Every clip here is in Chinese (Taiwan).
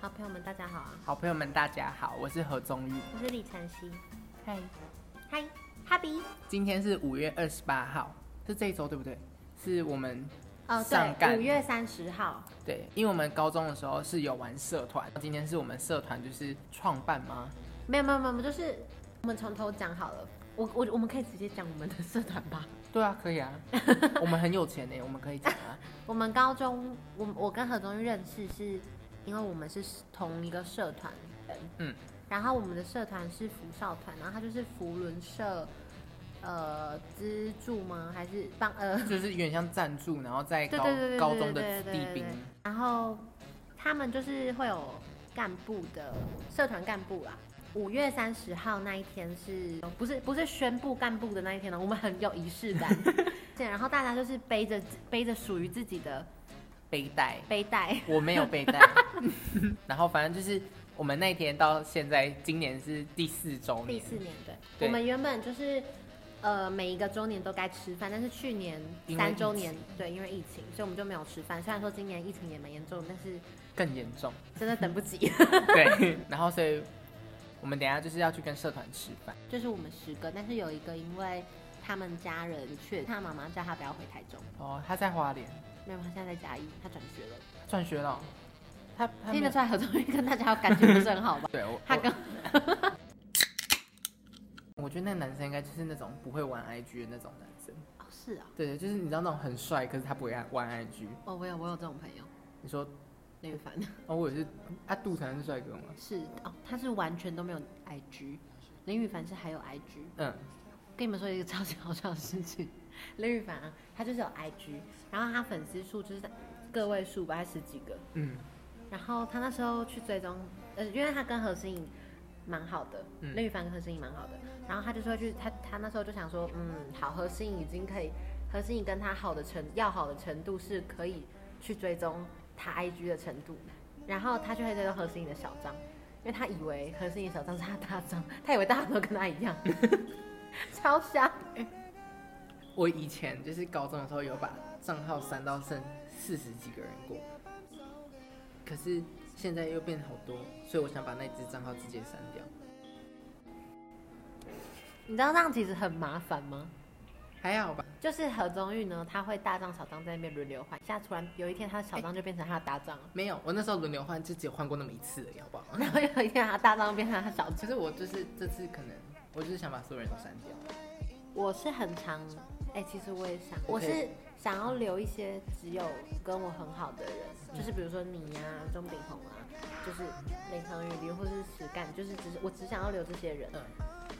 好朋友們，大家好啊！好朋友們，大家好，我是何宗玉，我是李晨曦，嗨，嗨，哈比。今天是五月二十八號，是這一周對不對？是我們上五、哦、五月三十號。對，因為我們高中的時候是有玩社團，今天是我們社團就是創辦嗎？沒有沒有沒有，就是我們從頭講好了。我我我們可以直接講我們的社團吧。對啊，可以啊。 我們很有錢呢，我們可以講啊。 我們高中，我我跟何宗認識是因為我們是同一個社團嗯。然後我們的社團是扶少團，然後他就是扶輪社，呃，資助嗎？還是幫？呃，就是有點像贊助，然後在高高中的地兵。然後他們就是會有幹部的社團幹部啦。五月三十號那一天是不是不是宣布幹部的那一天呢？我們很有儀式感， 然後大家就是背着背着屬於自己的背帶，背帶，我沒有背帶。 然後反正就是我們那一天到現在，今年是第四周年，第四年對，對。我們原本就是呃每一個周年都該吃飯，但是去年三周年，對，因為疫情，所以我們就沒有吃飯。雖然說今年疫情也蠻嚴重，但是更嚴重，真的等不及。 對，然後所以。我們等一下就是要去跟社團吃飯，就是我們十個，但是有一個因為他們家人勸他，媽媽叫他不要回台中哦，他在花蓮，沒有，他現在在嘉義，他轉學了，轉學了、哦，他聽得出來很多玉跟大家感覺不是很好吧？ 對我我，他跟， 我覺得那個男生應該就是那種不會玩 IG 的那種男生、哦、是啊、哦，對對，就是你知道那種很帥，可是他不會玩 IG 哦，我有我有這種朋友，你說。林宇凡哦，我也是阿、啊、杜才是帥哥嗎？是哦，他是完全都沒有 I G，林宇凡是還有 I G。嗯，跟你們說一個超級好笑的事情，林宇凡啊，他就是有 I G，然後他粉絲數就是個位數，大概十幾個。嗯，然後他那時候去追蹤，呃，因為他跟何心穎蠻好的，嗯，林宇凡跟何心穎蠻好的，然後他就說去他他那時候就想說，嗯，好，何心穎已經可以，何心穎跟他好的程要好的程度是可以去追蹤。他 IG 的程度，然後他就會在做核心的小帳，因為他以為核心的小帳是他的大帳，他以為大家都跟他一樣，呵呵超像。我以前就是高中的時候有把賬號刪到剩四十幾個人過，可是現在又變好多，所以我想把那支賬號直接刪掉。你知道這樣其實很麻煩嗎？還好吧，就是何宗玉呢，他會大張小張在那邊輪流換，現在突然有一天他小張就變成他的大張了，欸。沒有，我那時候輪流換就只有換過那麼一次，好不好？ 然後有一天他大張變成他小張。其實我就是這次可能，我就是想把所有人都刪掉。我是很常，哎，欸，其實我也想，Okay. 我是想要留一些只有跟我很好的人，嗯，就是比如說你呀，啊，鍾炳宏啊，就是美康玉梨或是石干，就是只是我只想要留這些人。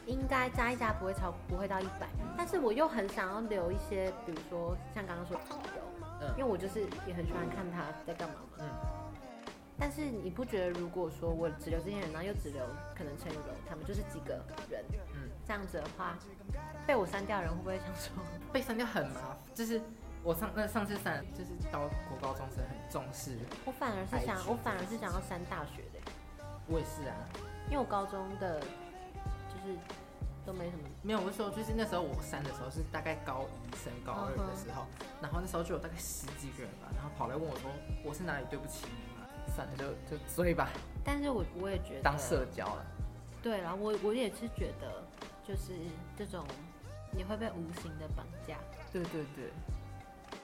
應該加一加不，不會超不會到一百，嗯，但是我又很想要留一些，比如說像剛剛說，嗯，因為我就是也很喜歡看他在幹嘛嘛，嗯，嗯，但是你不覺得如果說我只留這些人，然後又只留可能陳雨柔他們就是幾個人，嗯，這樣子的話，被我刪掉的人會不會想說被刪掉很麻煩，就是我上那上次刪就是到我高中生很重視，我反而是想，我反而是想要刪大學的欸，我也是啊，因為我高中的。是都沒什麼，沒有，我是說，就是那時候我三的時候是大概高一升高二的時候，okay. 然後那時候就有大概十幾個人吧，然後跑來問我說我是哪裡對不起你嘛，算了就就追吧。但是我我也覺得當社交了，對，然後我我也是覺得就是這種你會被無形的綁架。對對對。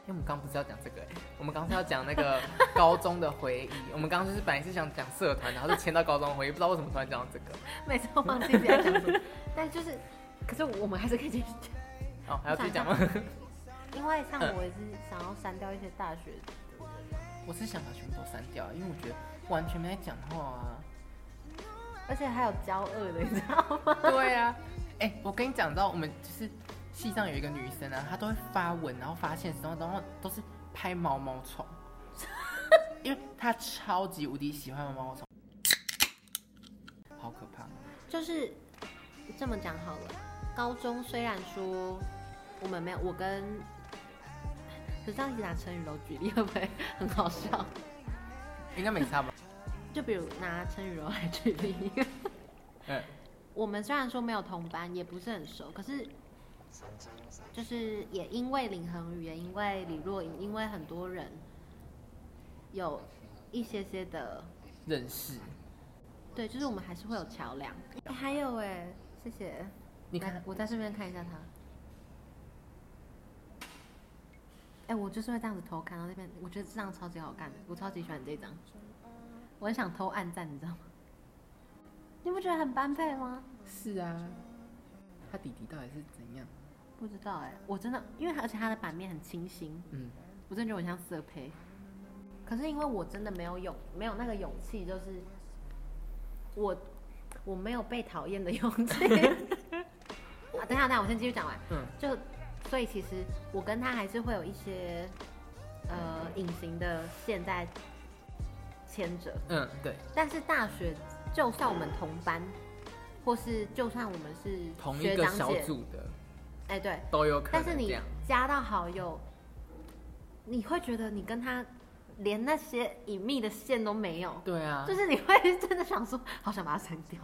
因為我們剛剛不是要講這個哎、欸，我們剛剛是要講那個高中的回憶。 我們剛剛就是本來是想講社團，然後就簽到高中的回憶，不知道為什麼突然講到這個。每次我忘記自己要講什麼， 但就是，可是我們還是可以繼續講。哦，還要繼續講嗎？ 因為像我也是想要刪掉一些大學，我覺得。我是想把全部都刪掉，因為我覺得完全沒有講話啊。而且還有驕傲的，你知道嗎？對呀、啊，哎、欸，我跟你講到我們就是。系上有一個女生呢，她都會發文，然後發現什麼，然後都是拍毛毛蟲， 因為她超級無敵喜歡毛毛蟲，好可怕。就是這麼講好了，高中雖然說我們沒有，我跟，可這樣一直拿陳雨柔舉例會不會很好笑？應該沒差吧？ 就比如拿陳雨柔來舉例、 欸，我們雖然說沒有同班，也不是很熟，可是。就是也因為林恆宇，也因為李若瑩，因為很多人有一些些的認識。對，就是我們還是會有橋樑、欸。還有哎，謝謝。你看，我再順便看一下他。哎、欸，我就是會這樣子偷看，到、啊、那邊我覺得這張超級好看的，我超級喜歡這張。我很想偷暗讚，你知道嗎？你不覺得很般配嗎？是啊，他弟弟到底是。不知道哎，、欸，我真的因為他，而且它的版面很清新。嗯，我真的覺得很像色胚。可是因為我真的沒有勇，沒有那個勇氣，就是我我沒有被討厭的勇氣。好、 啊，等一下等一下，我先繼續講完。嗯，就所以其實我跟他還是會有一些呃隱形的線在牽着。嗯，對。但是大學就算我們同班，是或是就算我們是同一個小組的。學哎、欸，對，都有可能。但是你加到好友，你會覺得你跟他連那些隱祕的線都沒有。對啊，就是你會真的想說，好想把他刪掉。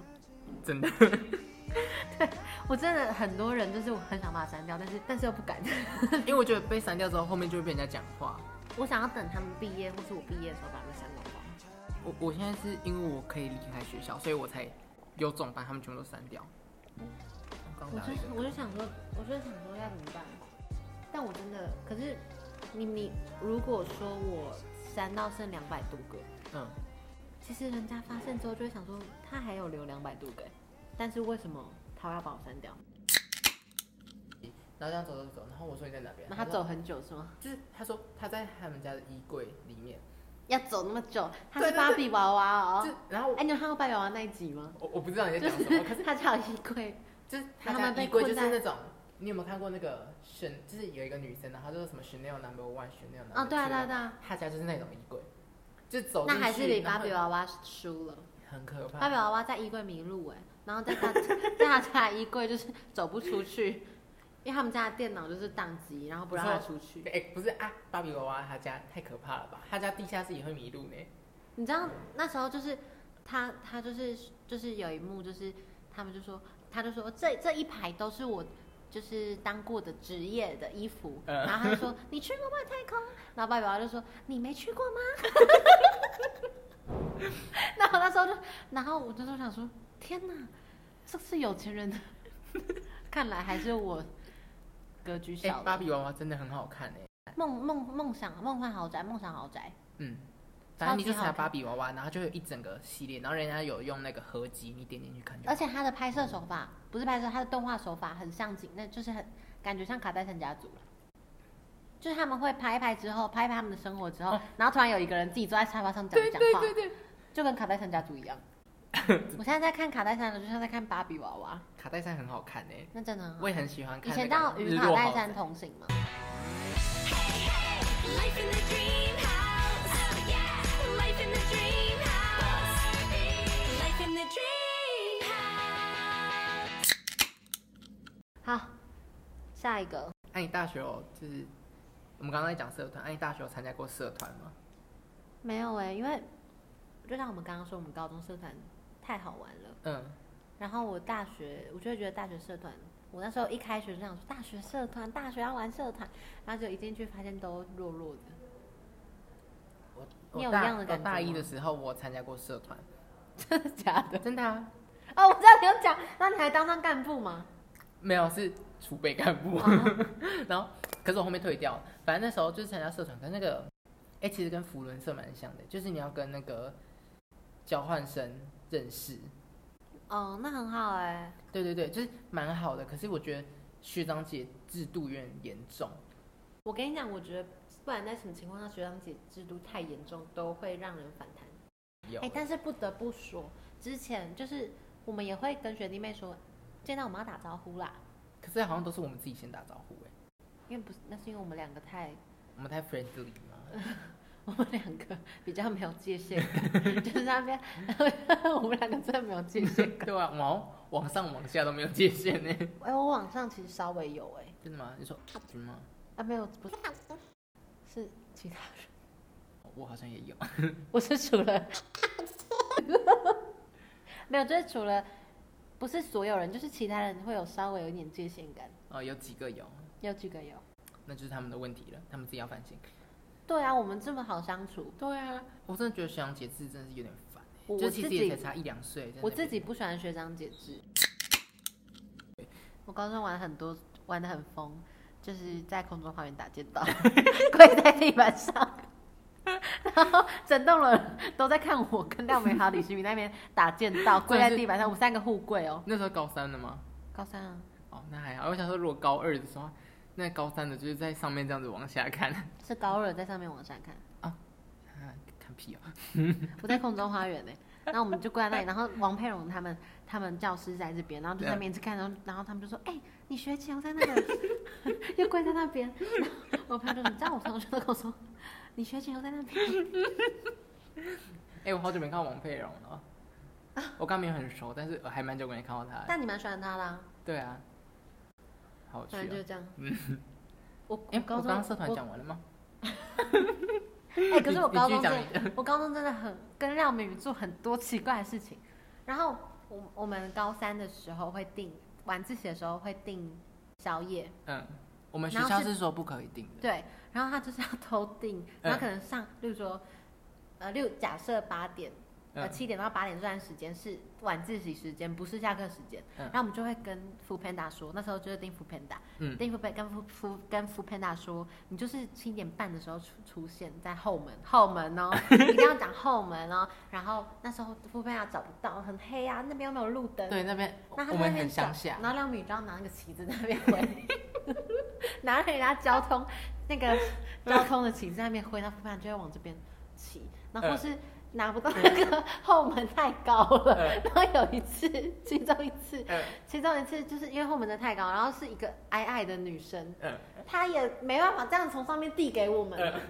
真的？ 對，我真的很多人就是我很想把他刪掉，但是但是又不敢， 因為我覺得被刪掉之後後面就會被人家講話。我想要等他們畢業，或是我畢業的時候把他們刪掉。我我現在是因為我可以離開學校，所以我才有種把他們全部都刪掉。嗯我就是我就想說，我就想說要怎麼辦？但我真的，可是你你如果說我刪到剩兩百多個，嗯，其實人家發現之後就會想說，他還有留兩百多個，欸，但是為什麼他要把我刪掉？然後這樣走走走，然後我說你在哪邊？那他走很久是嗎？就是他說他在他們家的衣櫃裡面，要走那麼久？他是芭比娃娃哦，喔。就然後哎、欸，你有看過芭比娃娃那一集嗎？我我不知道你在講什麼，可是他家衣櫃。就是他家的衣櫃就是那種還還，你有沒有看過那個選？就是有一個女生，然後就是什麼 Chanel 那種 number one，Chanel 那種 number。對啊，對啊，他家就是那種衣櫃，嗯，就走。那還是比芭比娃娃輸了，很可怕。芭比娃娃在衣櫃迷路哎、欸，然後在他， 在他家的衣櫃就是走不出去，因為他們家的電腦就是宕機，然後不讓他出去。哎、啊欸，不是啊，芭比娃娃她家太可怕了吧？她家地下室也會迷路呢、欸。你知道那時候就是他，他就是就是有一幕就是他們就說。他就說：“這這一排都是我就是當過的職業的衣服。嗯”然後他就說：“ 你去過外太空？”然後芭比娃娃就說：“你沒去過嗎？” 然後那時候就，然後我就都想說：“天哪，這是有錢人的！ 看來還是我格局小。欸”芭比娃娃真的很好看，夢夢夢想夢幻豪宅，夢想豪宅，嗯。.反正你就查芭比娃娃，然後就有一整個系列，然後人家有用那個合集，你點進去看。而且它的拍攝手法不是拍攝，它的動畫手法很像，就是很感覺像卡戴珊家族，就是他們會拍一拍之後，拍一拍他們的生活之後，然後突然有一個人自己坐在沙發上講講話，就跟卡戴珊家族一樣。我現在在看卡戴珊，就像在看芭比娃娃。卡戴珊很好看誒，那真的我也很喜歡。以前到與卡戴珊同行嗎？.好，下一個。哎、啊，你大學哦，就是，我們剛剛在講社團，哎、啊，你大學有參加過社團嗎？沒有哎、欸，因為就像我們剛剛說，我們高中社團太好玩了。嗯。然後我大學，我就會覺得大學社團，我那時候一開學就想說，大學社團，大學要玩社團，然後就一進去發現都弱弱的。我，我你有一樣的感覺？我大一的時候我參加過社團，真 的假的？真的啊！哦，我知道你有講，那你還當上幹部嗎？沒有，是儲備幹部，啊呵呵。然後，可是我後面退掉了。反正那時候就是參加社團，跟那個，哎、欸，其實跟扶輪社蠻像的，就是你要跟那個交換生認識。哦，那很好哎、欸。對對對，就是蠻好的。可是我覺得學長姐制度有點嚴重。我跟你講，我覺得不管在什麼情況下學長姐制度太嚴重都會讓人反彈。哎、欸欸，但是不得不說，之前就是我們也會跟學弟妹說。現在我們要打招呼啦，可是好像都是我們自己先打招呼，因為不是，那是因為我們兩個太，我們太 friendly 嘛， 我們兩個比較沒有界限， 就是那邊， 我們兩個真的沒有界限感， 對啊，我往，往上往下都沒有界限呢。哎、欸，我往上其實稍微有哎， 真的嗎？你說什麼？啊，沒有，不是，是其他人，我好像也有， 我是除了， 沒有，就是除了。不是所有人，就是其他人會有稍微有一點界限感。哦，有幾個有，有幾個有，那就是他們的問題了，他們自己要反省。對啊，我們這麼好相處。對啊，我真的覺得學長姐制真的是有點煩，我自己其實也才差一兩歲。我自己不喜歡學長姐制。我高中玩很多，玩的很瘋，就是在空中花園打街道， 跪在地板上。 然後整棟人都在看我跟廖美好李時敏那邊打劍道， 跪在地板上，我 們三個互跪哦。那時候高三的嗎？高三啊，哦，那還好。我想說，如果高二的時候，那高三的就是在上面這樣子往下看，是高二的在上面往下看啊？啊？看屁哦、喔！ 我在空中花園呢，那我們就跪在那裡，然後王佩榮他們他們教師在這邊，然後就在那邊一直看，然後然後他們就說：“哎、欸，你學姐在那邊， 又跪在那邊。”我朋友說：「你知道我同學都跟我說。你學姐都在那邊。哎，我好久沒看到王佩蓉了。啊、我剛沒有很熟，但是我還蠻久沒看到他。但你蠻喜歡他啦、啊？對啊，好啊。反正就這樣。嗯。 我哎，高中社團講完了嗎？哎、 欸，可是我高中真的的我高中真的很跟廖美敏做很多奇怪的事情。然後我我們高三的時候會訂晚自習的時候會訂宵夜。嗯。我們學校是說不可以訂的。對，然後他就是要偷訂。然後他可能上、嗯，例如說，呃，六假設八點、嗯，呃，七點到八點這段時間是晚自習時間，不是下課時間、嗯。然後我們就會跟福佩達說，那時候就是訂福佩達，嗯，訂福佩跟福福跟福佩達說，你就是七點半的時候出出現在後門，後門哦、喔，你一定要講後門哦、喔。 然後那時候福佩達找不到，很黑啊，那邊又沒有路燈，對，那邊我們很鄉下。然後兩米裝拿那個旗子在那邊回 拿人家交通、啊，那個交通的旗在那邊揮，他、啊、突然就要往這邊騎，然後是拿不到那個後門太高了。啊、然後有一次，其中一次，啊、其中一次就是因為後門的太高，然後是一個矮矮的女生，啊、她也沒辦法這樣從上面遞給我們，啊、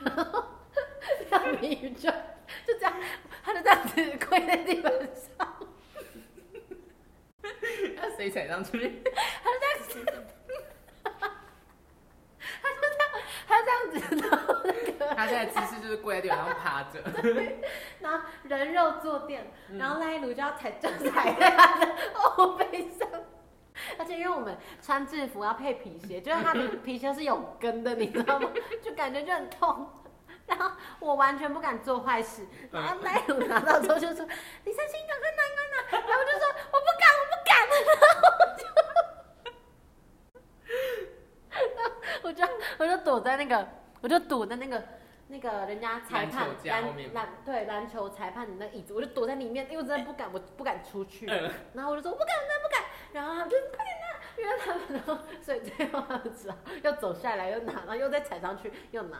然後像沒一轉，就這樣，她就這樣子跪在地板上，啊、誰踩上去她、啊、就這樣子。 他現在姿勢就是跪在地上，然後趴着，然後人肉坐墊，然後賴盧就要踩，踩在他的後背上。而且因為我們穿制服要配皮鞋，就是他的皮鞋是有跟的，你知道嗎？就感覺就很痛。然後我完全不敢做壞事，然後賴盧拿到之後就說：“你小心點，快拿，快拿！”然後我就說：“我不敢，我不敢。”然後我就， 我，我，我就躲在那個。我就躲在那個那個人家裁判籃籃對籃球裁判的那椅子，我就躲在裡面，因為我真的不敢，欸、我不敢出去。呃、然後我就說我不敢，那不敢。然後他就快點拿，因為他們都睡着了，所以最後他們只好又走下來又拿，然後又再踩上去又拿。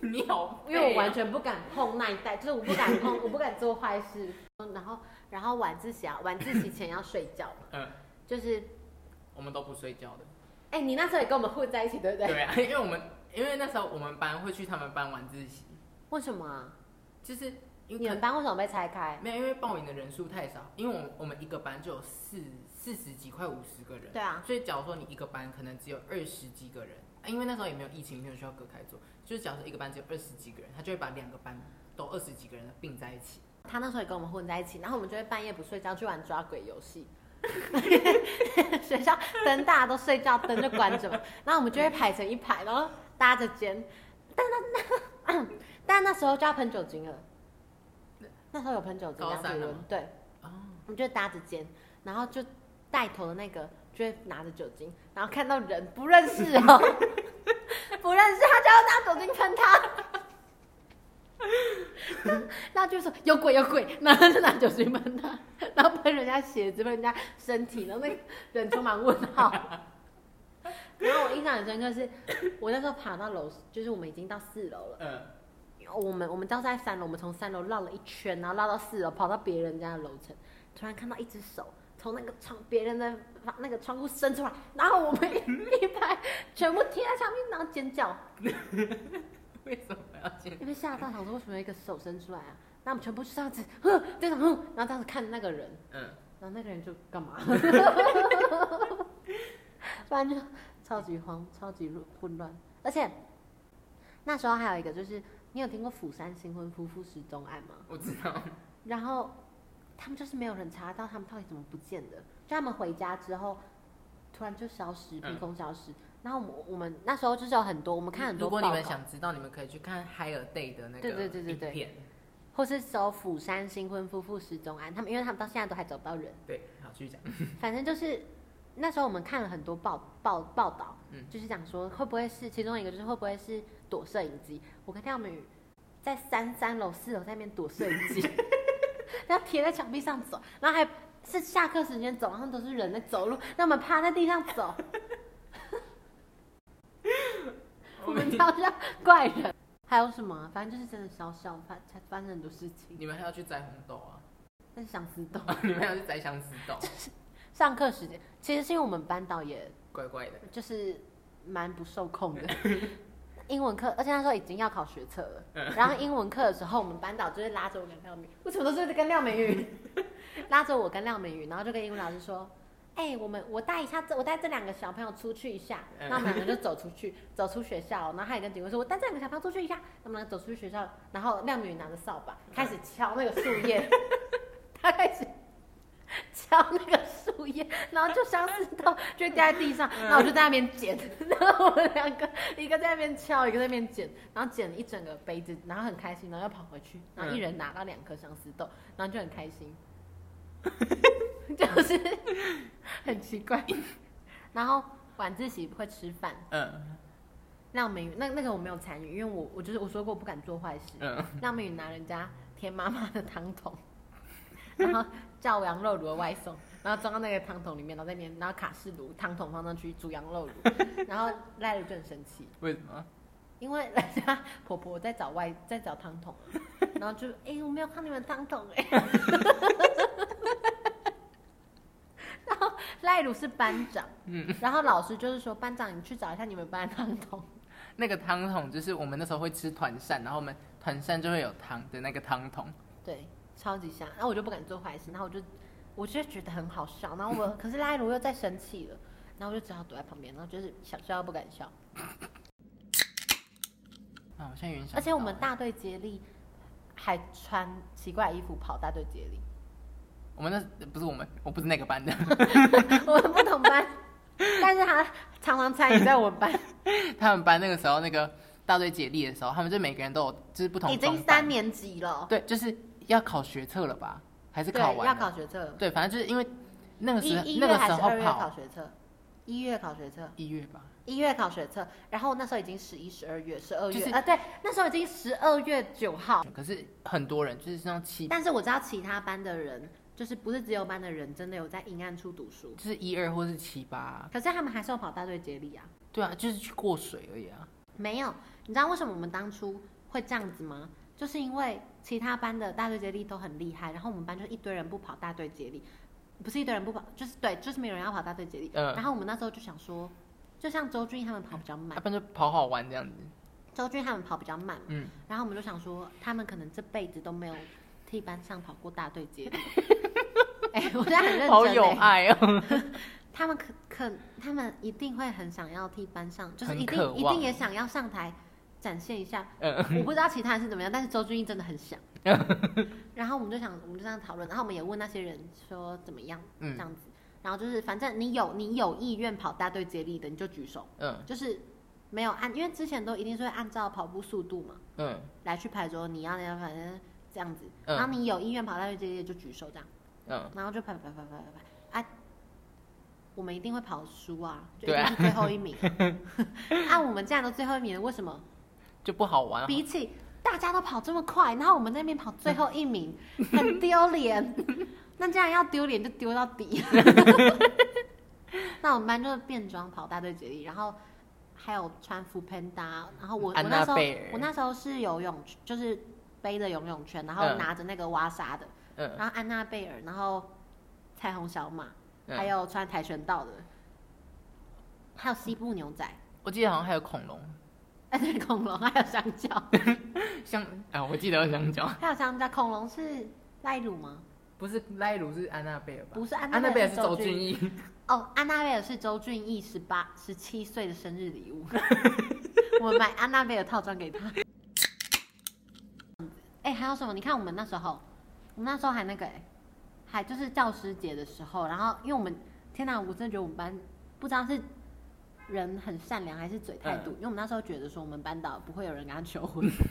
你好、啊，因為我完全不敢碰那一帶，就是我不敢碰， 我不敢做壞事。嗯。然後然後晚自習、啊，晚自習前要睡覺嘛。嗯、呃。就是，我們都不睡覺的。哎、欸，你那時候也跟我們混在一起，對不對？對啊，因為我們。因為那時候我們班會去他們班晚自習，為什麼啊？就是你們班為什麼被拆開？沒有，因為報名的人數太少。因為我我們一個班就有四四十幾快五十個人，對啊。所以假如說你一個班可能只有二十幾個人，因為那時候也沒有疫情，沒有需要隔開坐。就是假如說一個班只有二十幾個人，他就會把兩個班都二十幾個人併在一起。他那時候也跟我們混在一起，然後我們就會半夜不睡覺去玩抓鬼遊戲。 學校燈，大家都睡覺燈，燈就關着嘛。然後我們就會排成一排，然後。搭着肩，但那，那但那時候就要噴酒精了。那，那時候有噴酒精，了對，我、oh. 們就搭着肩，然後就帶頭的那個就會拿着酒精，然後看到人不認識哦， 不認識，他就要拿酒精噴他。 然後就說有鬼有鬼，然後就拿酒精噴他，然後噴人家鞋子，噴人家身體，然後那個人就滿問號。 很驚，就是我那時候爬到樓，就是我們已經到四樓了。嗯、呃，我們我們當時在三樓，我們從三樓繞了一圈，然後繞到四樓，跑到別人家的樓層，突然看到一隻手從那個窗別人的那個窗戶伸出來，然後我們一,一拍，全部貼在上面，然後尖叫。為什麼要尖叫？因為嚇到，想說為什麼一個手伸出來啊？那我們全部就這樣子，嗯，對樣，嗯，然後當時看那個人，嗯，然後那個人就幹嘛？反、呃、正。 超級慌，超級混亂，而且那時候還有一個，就是你有聽過釜山新婚夫婦失蹤案嗎？我知道。然後他們就是沒有人查到他們到底怎麼不見的，就他們回家之後突然就消失，憑空消失。嗯。然後我們我們那時候就是有很多，我們看很多。如果你們想知道，你們可以去看《海爾 g Day》的那個影片，對對對對對對，或是搜“釜山新婚夫婦失蹤案”，他們因為他們到現在都還找不到人。對，好，繼續講。反正就是。那時候我們看了很多報報報道，嗯，就是講說會不會是其中一個，就是會不會是躲攝影機？我跟他們，在三三樓、四樓在那邊躲攝影機， 然後貼在牆壁上走，然後還是下課時間走，然後都是人在走路，那我們趴在地上走， 我們叫叫怪人。還有什麼、啊？反正就是真的小小發才發生很多事情。你們還要去摘紅豆啊？那是相思豆、啊。 你們還要去摘相思豆？就是、上課時間。其實是因為我們班導也怪怪的，就是蠻不受控的。英文課，而且他說已經要考學測了。然後英文課的時候，我們班導就是拉着我跟廖美玉，為什麼都是跟廖美玉？拉着我跟廖美玉，然後就跟英文老師說：“哎，我們我帶一下這，我帶這兩個小朋友出去一下。”那我們兩個就走出去，走出學校，然後他也跟警衛說：“我帶這兩個小朋友出去一下。”他走出去學校，然後廖美玉拿着掃把開始敲那個樹葉，他開始敲那個。 然後就相思豆 就掉在地上， 然後我就在那邊撿， 然後我們兩個一個在那邊敲，一個在那邊撿，然後撿了一整個杯子，然後很開心，然後又跑回去，然後一人拿到兩顆相思豆，然後就很開心， 就是很奇怪。 然後晚自習會吃飯，嗯， 那我們那那個我沒有參與，因為我我就是我說過不敢做壞事，嗯，那美女拿人家天媽媽的湯桶，然後叫羊肉爐的外送。然後裝到那個湯桶裡面，然後在那邊，然後卡式爐，湯桶放上去煮羊肉爐，然後賴魯就很生氣。為什麼？因為人家婆婆在找外，在找湯桶，然後就哎，我沒有看你們湯桶哎。 然後賴魯是班長，嗯，然後老師就是說班長，你去找一下你們班的湯桶。那個湯桶就是我們那時候會吃團膳，然後我們團膳就會有湯的那個湯桶，對，超級香。然後我就不敢做壞事，然後我就。我就覺得很好笑，然後我 可是拉一魯又在生氣了，然後我就只好躲在旁邊，然後就是想笑又不敢笑。啊，我現在有點想。而且我們大隊接力還穿奇怪的衣服跑大隊接力。我們那不是我們，我不是那個班的。 我們不同班， 但是他常常參與在我們班。他們班那個時候，那個大隊接力的時候，他們就每個人都有就是不同班。已經三年級了。對，就是要考學測了吧。還是考完？對，要考學測。對，反正就是因為那個時那個還是二月考學測，一月考學測，一月吧，一月考學測，然後那時候已經十一、十二月，十二月啊、就是呃，對，那時候已經十二月九號。可是很多人就是像七，但是我知道其他班的人，就是不是自由班的人，真的有在陰暗處讀書，就是一二或是七八、啊。可是他們還是要跑大隊接力啊？對啊，就是去過水而已啊。沒有，你知道為什麼我們當初會這樣子嗎？就是因為其他班的大隊接力都很厲害，然後我們班就一堆人不跑大隊接力，不是一堆人不跑，就是對，就是沒有人要跑大隊接力。嗯、呃，然後我們那時候就想說，就像周俊他們跑比較慢，啊，他們就跑好玩這樣子。周俊他們跑比較慢，嗯，然後我們就想說，他們可能這輩子都沒有替班上跑過大隊接力。哎、 欸，我覺得很認真，欸。好有愛哦。 他們可可，他們一定會很想要替班上，就是一定一定也想要上台。展現一下，我不知道其他人是怎麼樣，但是周俊英真的很想。 然後我們就想，我們就這樣討論，然後我們也問那些人說怎麼樣，嗯、這樣子。然後就是反正你有你有意願跑大隊接力的，你就舉手。嗯，就是沒有按，因為之前都一定是會按照跑步速度嘛。嗯。來去排桌，你要你要反正這樣子。嗯。然後你有意願跑大隊接力的就舉手這樣。嗯。然後就拍拍拍拍拍拍。啊，我們一定會跑輸啊，就一定是最後一名。按、啊 啊、我們這樣的最後一名，為什麼？就不好玩。比起大家都跑這麼快，然後我們那邊跑最後一名，嗯、很丟臉。那 既然要丟臉，就丟到底，啊。 那我們班就是變裝跑大隊接力，然後還有穿服噴搭。然後我、Anna、我那時候、Bear. 我那時候是游泳，就是背着游泳圈，然後拿着那個挖沙的。嗯。然後安娜貝爾，然後彩虹小馬，嗯、還有穿跆拳道的，嗯，還有西部牛仔。我記得好像還有恐龍。還有恐龍，還有香蕉。香，哎、啊、我記得有香蕉。還有香蕉，恐龍是賴盧嗎？不是，賴盧是安娜貝爾吧？不是，安娜貝爾是周俊毅。哦，安娜貝爾是周俊毅十八十七歲的生日禮物。 我買安娜貝爾套裝給他。哎、 欸，還有什麼？你看我們那時候，我們那時候還那個哎、欸，還就是教師節的時候，然後因為我們，天哪、啊，我真的覺得我們班不知道是，人很善良還是嘴太毒、嗯？因為我們那時候覺得說我們班導不會有人跟他求婚， 所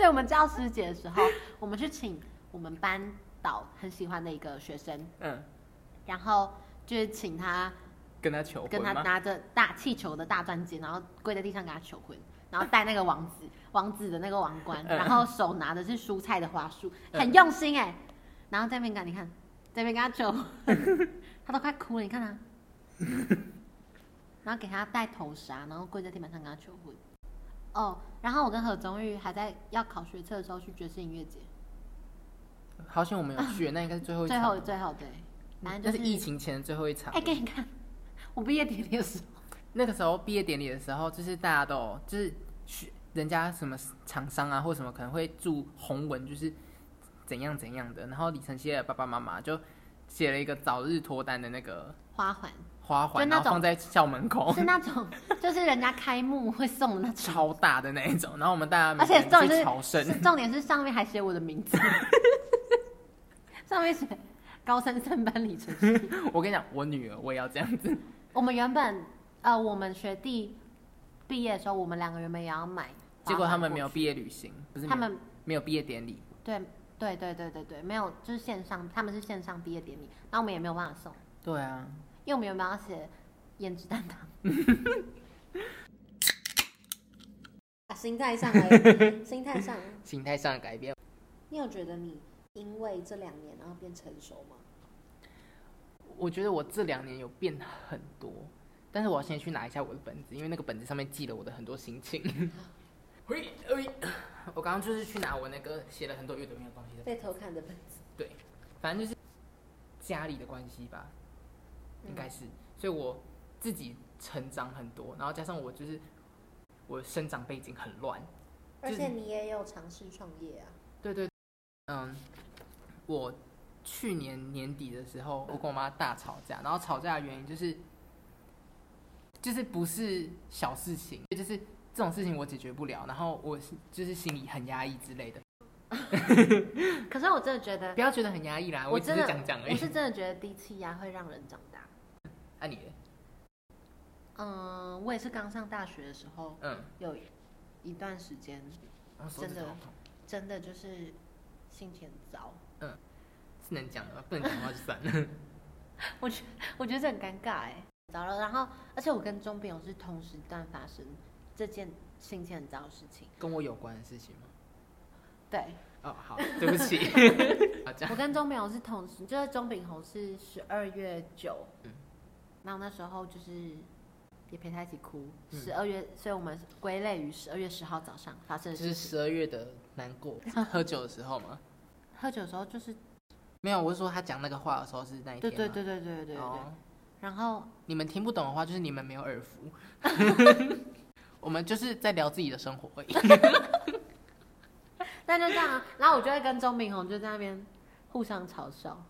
以我們教師節的時候，我們去請我們班導很喜歡的一個學生、嗯，然後就請他跟他求婚，跟他拿着大氣球的大鑽戒，然後跪在地上跟他求婚，然後戴那個王子、嗯、王子的那個王冠，然後手拿的是蔬菜的花束，嗯、很用心哎、欸，然後這邊跟你看，這邊跟他求婚、嗯，他都快哭了，你看他、啊。 然後給他戴頭紗，然後跪在地板上跟他求婚。哦、oh，然後我跟何宗玉還在要考學測的時候去爵士音樂節，好險我們有去、嗯，那應該是最後一場，最後最後對、就是，那是疫情前的最後一場。哎，給你看，我畢業典禮的時候， 那個時候畢業典禮的時候，就是大家都就是去人家什麼廠商啊，或什麼可能會祝紅文就是怎樣怎樣的，然後李晨曦的爸爸媽媽就寫了一個早日脫單的那個花環。花花，就那種，然後放在校門口，是那種，就是人家開幕會送的那種 超大的那一種。然後我們大家，而且重點是，重點是上面還寫我的名字， 上面寫高三三班李晨曦。 我跟你講，我女兒我也要這樣子。我們原本，呃，我們學弟畢業的時候，我們兩個原本也要買，結果他們沒有畢業旅行，不是他們沒有畢業典禮。對對對對對對，沒有，就是線上，他們是線上畢業典禮，那我們也沒有辦法送。對啊。又沒有描寫顏值擔當， 啊、心態上、欸，心態上，心態上的改變。你有覺得你因為這兩年然後變成熟嗎？我覺得我這兩年有變很多，但是我要先去拿一下我的本子，因為那個本子上面記了我的很多心情。我剛剛就是去拿我那個寫了很多閱讀面的東西的被偷看的本子。對，反正就是家裡的關係吧。應該是，所以我自己成長很多，然後加上我就是我的生長背景很亂，就是，而且你也有嘗試創業啊？對，對對，嗯，我去年年底的時候，我跟我媽大吵架，然後吵架的原因就是就是不是小事情，就是這種事情我解決不了，然後我就是心裡很壓抑之類的。 可是我真的覺得不要覺得很壓抑啦，我只是講講而已我。我是真的覺得低氣壓會讓人長。啊、你，嗯，我也是剛上大學的時候，嗯，有一,一段時間、啊，真的、啊，真的就是心情很糟，嗯，是能講的，不能講的話就算了。我 覺我覺得，我覺得這很尷尬哎，糟了，然後而且我跟鍾炳宏是同時段發生這件心情很糟的事情，跟我有關的事情嗎？對，哦，好，對不起。 我跟鍾炳宏是同時，就是鍾炳宏是十二月九、嗯。嗯然後那時候就是也陪他一起哭。十二月，嗯，所以我們歸類於十二月十號早上發生的事，就是十二月的難過。喝酒的時候嗎？啊、喝酒的時候就是沒有。我是說他講那個話的時候是那一天。對對對對對對、對、哦，然後你們聽不懂的話，就是你們沒有耳福。 我們就是在聊自己的生活而已。那 就這樣啊。然後我就會跟周明宏就在那邊互相嘲笑，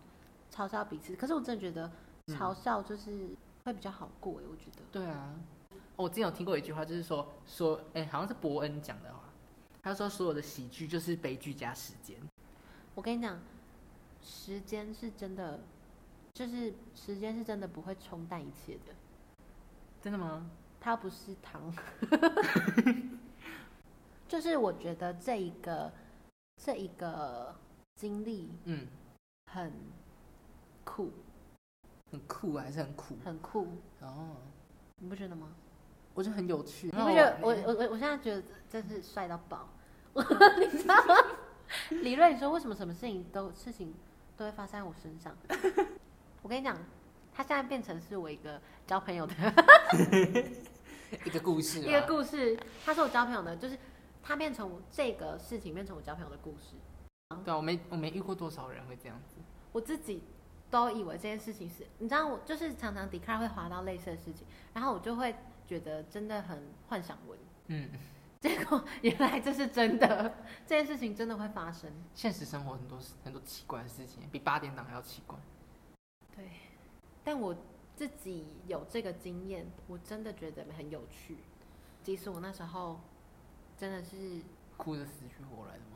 嘲笑彼此。可是我真的覺得嘲笑就是。嗯會比較好過哎，我覺得。對啊、哦。我之前有聽過一句話，就是說說，哎、欸，好像是博恩講的話，他說所有的喜劇就是悲劇加時間。我跟你講，時間是真的，就是時間是真的不會沖淡一切的。真的嗎？它不是糖。 就是我覺得這一個這一個經歷，嗯，很酷。很酷還是很酷？很酷哦，oh. 你不覺得嗎？我覺得很有趣我。你不覺得？我我我現在覺得真是帥到爆！ 你知道嗎？ 李瑞，你說為什麼什麼事情都事情都會發生在我身上？ 我跟你講，他現在變成是我一個交朋友的 一個故事， 一個故事。 他是我交朋友的，就是他變成我這個事情變成我交朋友的故事。對啊，我沒我沒遇過多少人會這樣子。 我自己。都以為這件事情是你知道，我就是常常迪卡會滑到類似的事情，然後我就會覺得真的很幻想文。嗯，結果原來這是真的，這件事情真的會發生。現實生活很多事，很多奇怪的事情，比八點檔還要奇怪。對，但我自己有這個經驗，我真的覺得很有趣。即使我那時候真的是哭得死去活來的。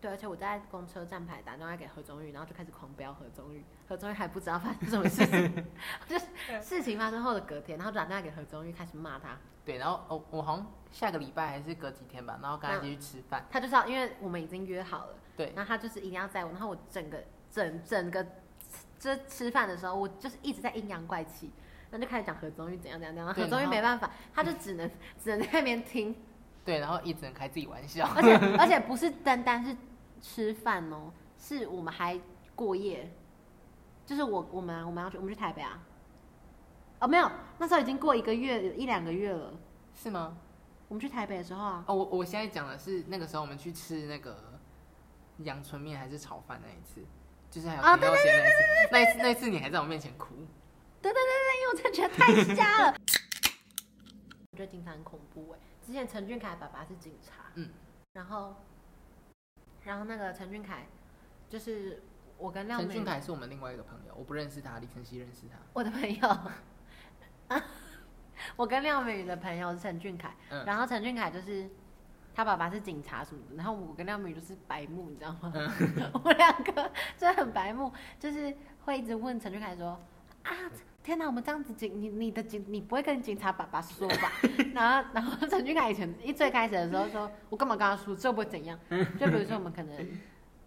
對，而且我在公車站牌打電話給何中玉，然後就開始狂飆何中玉，何中玉還不知道發生什麼事情， 就是事情發生後的隔天，然後打電話給何中玉，開始罵他。對，然後我、哦、我好像下個禮拜還是隔幾天吧，然後跟他繼續吃飯，他就知道因為我們已經約好了，對，然後他就是一定要載我，然後我整個整整個這、就是、吃飯的時候，我就是一直在陰陽怪氣，那就開始講何中玉怎樣怎樣，何中玉沒辦法、嗯，他就只能只能在那邊聽。對，然後一直能開自己玩笑。而且而且不是單單是吃飯哦，是我們還過夜，就是我我們、啊、我們要去我們去台北啊。哦，沒有，那時候已經過一個月一兩個月了。是嗎？我們去台北的時候啊。哦，我我現在講的是那個時候我們去吃那個陽春麵還是炒飯那一次，就是還有李幼杰那次，啊、那次那次你還在我面前哭。對對對對，對，因為我真的覺得太瞎了。我覺得警察很恐怖哎。之前陳俊凱爸爸是警察，嗯，然後，然後那個陳俊凱就是我跟廖美宇，陳俊凱是我們另外一個朋友。我不認識他，李晨曦認識他。我的朋友， 我跟廖美宇的朋友是陳俊凱，嗯、然後陳俊凱就是他爸爸是警察什麼的，然後我跟廖美宇就是白目，你知道嗎？嗯、 我們兩個就很白目，就是會一直問陳俊凱說啊。天哪，我們這樣子警，你你的警，你不會跟警察爸爸說吧？然後然後陳俊凱以前一最開始的時候說，我幹嘛跟他說？這不會怎樣？就比如說我們可能，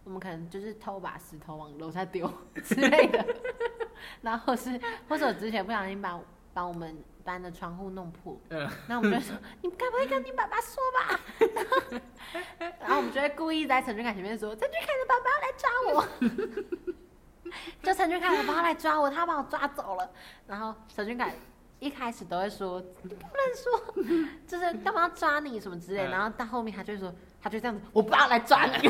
我們可能就是偷把石頭往樓下丟之類的。然後是或者之前不小心把把我們班的窗戶弄破，嗯，那我們就說，你該不會跟你爸爸說吧？然後我們就會故意在陳俊凱前面說，陳俊凱的爸爸要來抓我。就陳俊凱，我不要來抓我， 他把我抓走了。然後陳俊凱一開始都會說，你不能說，就是幹嘛要抓你什麼之類。 然後到後面他就說，他就這樣子， 我不要來抓你。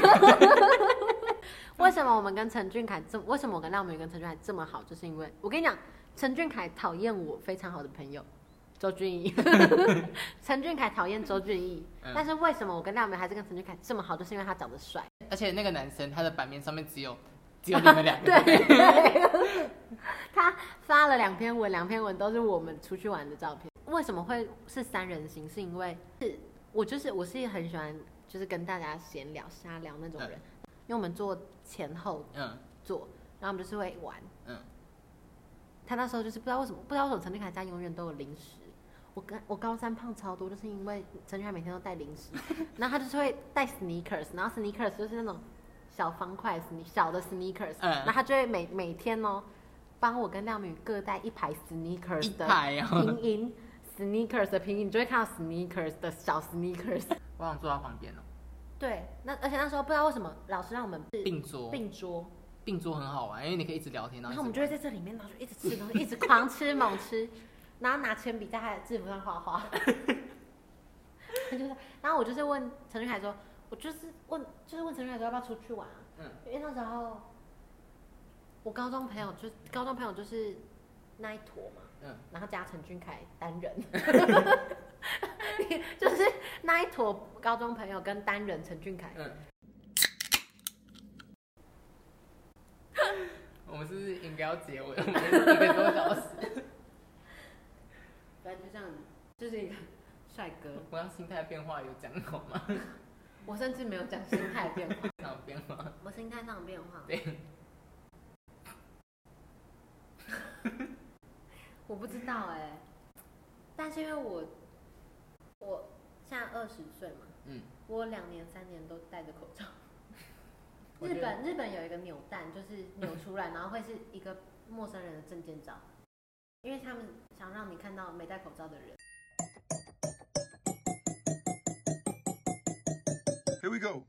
為什麼我們跟陳俊凱這？為什麼我跟廖美跟陳俊凱這麼好？就是因為我跟你講，陳俊凱討厭我非常好的朋友周俊義。陳 俊凱討厭周俊義， 但是為什麼我跟廖美宇還是跟陳俊凱這麼好？就是因為他長得帥。而且那個男生他的版面上面只有。只有你們兩個。 對,對， 他發了兩篇文，兩篇文都是我們出去玩的照片。為什麼會是三人行？是因為是我，就是我是很喜歡就是跟大家閒聊、瞎聊那種人。嗯、因為我們坐前後嗯坐，然後我們就是會玩嗯。他那時候就是不知道為什麼，不知道為什麼陳俊凱家永遠都有零食。我跟我高三胖超多，就是因為陳俊凱每天都帶零食。 然後他就是會帶 Snickers，然後 Snickers 就是那種。小方塊 sne 小的 sneakers，嗯、uh,，那他就會每每天喏、哦，幫我跟靚女各帶一排 sneakers，的拼音、啊、sneakers 的拼音，你就會看到 sneakers 的小 sneakers。我想坐他旁邊哦。對，那而且那時候不知道為什麼老師讓我們併桌，併桌。很好玩，因為你可以一直聊天，然後，然後我們就會在這裡面，然後就一直吃，然後一直狂吃猛吃， 然後拿鉛筆在他的制服上畫畫。哈就是，然後我就是問陳俊凱說。我就是問，就是問陳俊凱說要不要出去玩啊？嗯。因為那時候，我高中朋友就高中朋友就是那一坨嘛，嗯。然後加陳俊凱單人， 就是那一坨高中朋友跟單人陳俊凱，嗯 我我。我們是不是應該要結尾了，一個多小時。反 正就這樣，就是一個帥哥。我知道心態變化有講過嗎？我甚至沒有講心態變化，我心態上的變化。 我不知道哎、欸，但是因為我，我現在二十歲嘛，嗯，我兩年三年都戴着口罩。日本日本有一個扭蛋，就是扭出來 然後會是一個陌生人的證件照，因為他們想讓你看到沒戴口罩的人。誒，我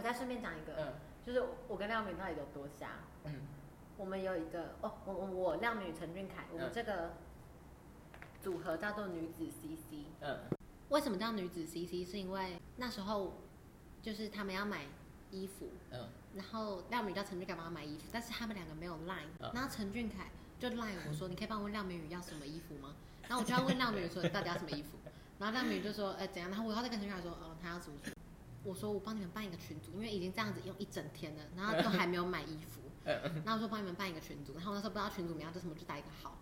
再順便講一個，uh. 就是我跟亮明到底有多瞎？Uh. 我們有一個哦，oh，我我亮明與陳俊凱，我們這個組合叫做女子 CC。Uh. 為什麼叫女子 CC？是因為那時候就是他們要買衣服，uh. 然後亮明叫陳俊凱幫他買衣服，但是他們兩個沒有 line，uh. 然後陳俊凱。就賴我說，你可以幫我問廖明宇要什麼衣服嗎？然後我就要問廖明宇說到底要什麼衣服，然後廖明宇就說哎、欸、怎樣？然後我再跟陳俊凱說，哦，他要什麼？我說我幫你們辦一個群組，因為已經這樣子用一整天了，然後都還沒有買衣服， 然後我說幫你們辦一個群組。然後我那時候不知道群主要做什麼，就打一個好。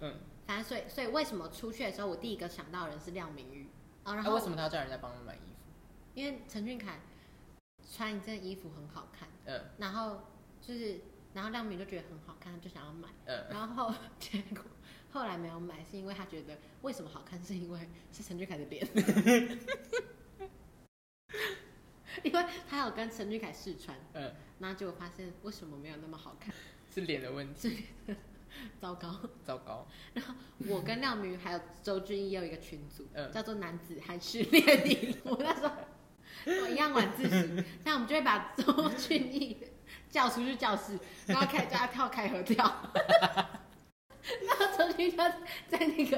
嗯，反正所以所以為什麼出去的時候我第一個想到的人是廖明宇啊？然後啊為什麼他要叫人家幫他買衣服？因為陳俊凱穿一件衣服很好看，嗯，然後就是。然後亮明就覺得很好看，他就想要買。嗯、呃。然後結果後來沒有買，是因為他覺得為什麼好看，是因為是陳俊凱的臉。 因為他有跟陳俊凱試穿。嗯、呃。然後結果發現為什麼沒有那麼好看，是臉的問題。糟糕。糟糕。然後我跟亮明還有周俊義又有一個群組，呃、叫做男子漢訓練營。我那時候我一樣晚自習，那 我們就會把周俊義。叫出去教室，然後開始叫他跳開合跳， 然後重新就在那個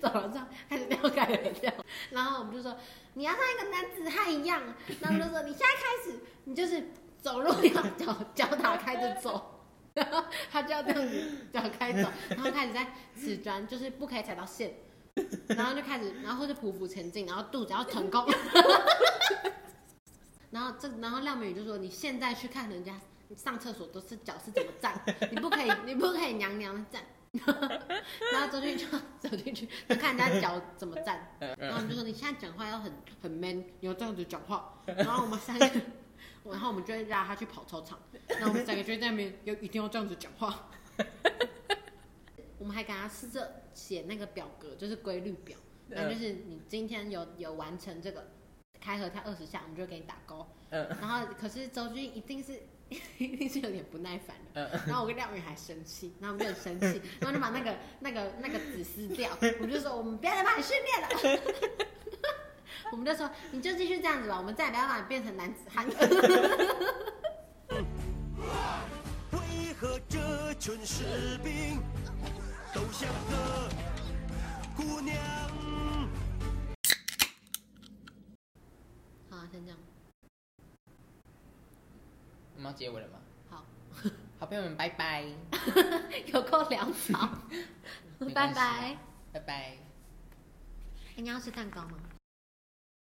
走廊上開始跳開合跳，然後我們就說，你要像一個男子漢一樣，然後我就說，你現在開始，你就是走路要腳腳打開着走，然後他就要這樣子腳開走，然後開始在瓷磚就是不可以踩到線，然後就開始然後或者匍匐前進，然後肚子要騰空， 然後這然後廖美宇就說，你現在去看人家。上廁所都是腳是怎麼站，你不可以，你不可以娘娘站， 然後周俊就走進去，就看人家腳怎麼站，然後我們就說你現在講話要很很 man，你要這樣子講話，然後我們三個，然後我們就會拉他去跑操場，然後我們三個就在那邊要一定要這樣子講話， 我們還跟他試着寫那個表格，就是規律表，那就是你今天有有完成這個開合跳二十下，我們就給你打勾，然後可是周俊一定是。一 定是有點不耐煩的，呃，然後我跟亮雲還生氣， 然後我們就很生氣，然後就把那個 那個那個紙撕掉， 我們就說我們不要再幫你訓練了， 我們就說你就繼續這樣子吧，我們再不要把你變成男子漢。 為何這群士兵都像個姑娘 好，啊，先這樣。要結尾了嗎？好， 好朋友們，拜拜， 有夠涼爽， 關係 拜拜，拜、欸、拜。你要吃蛋糕嗎？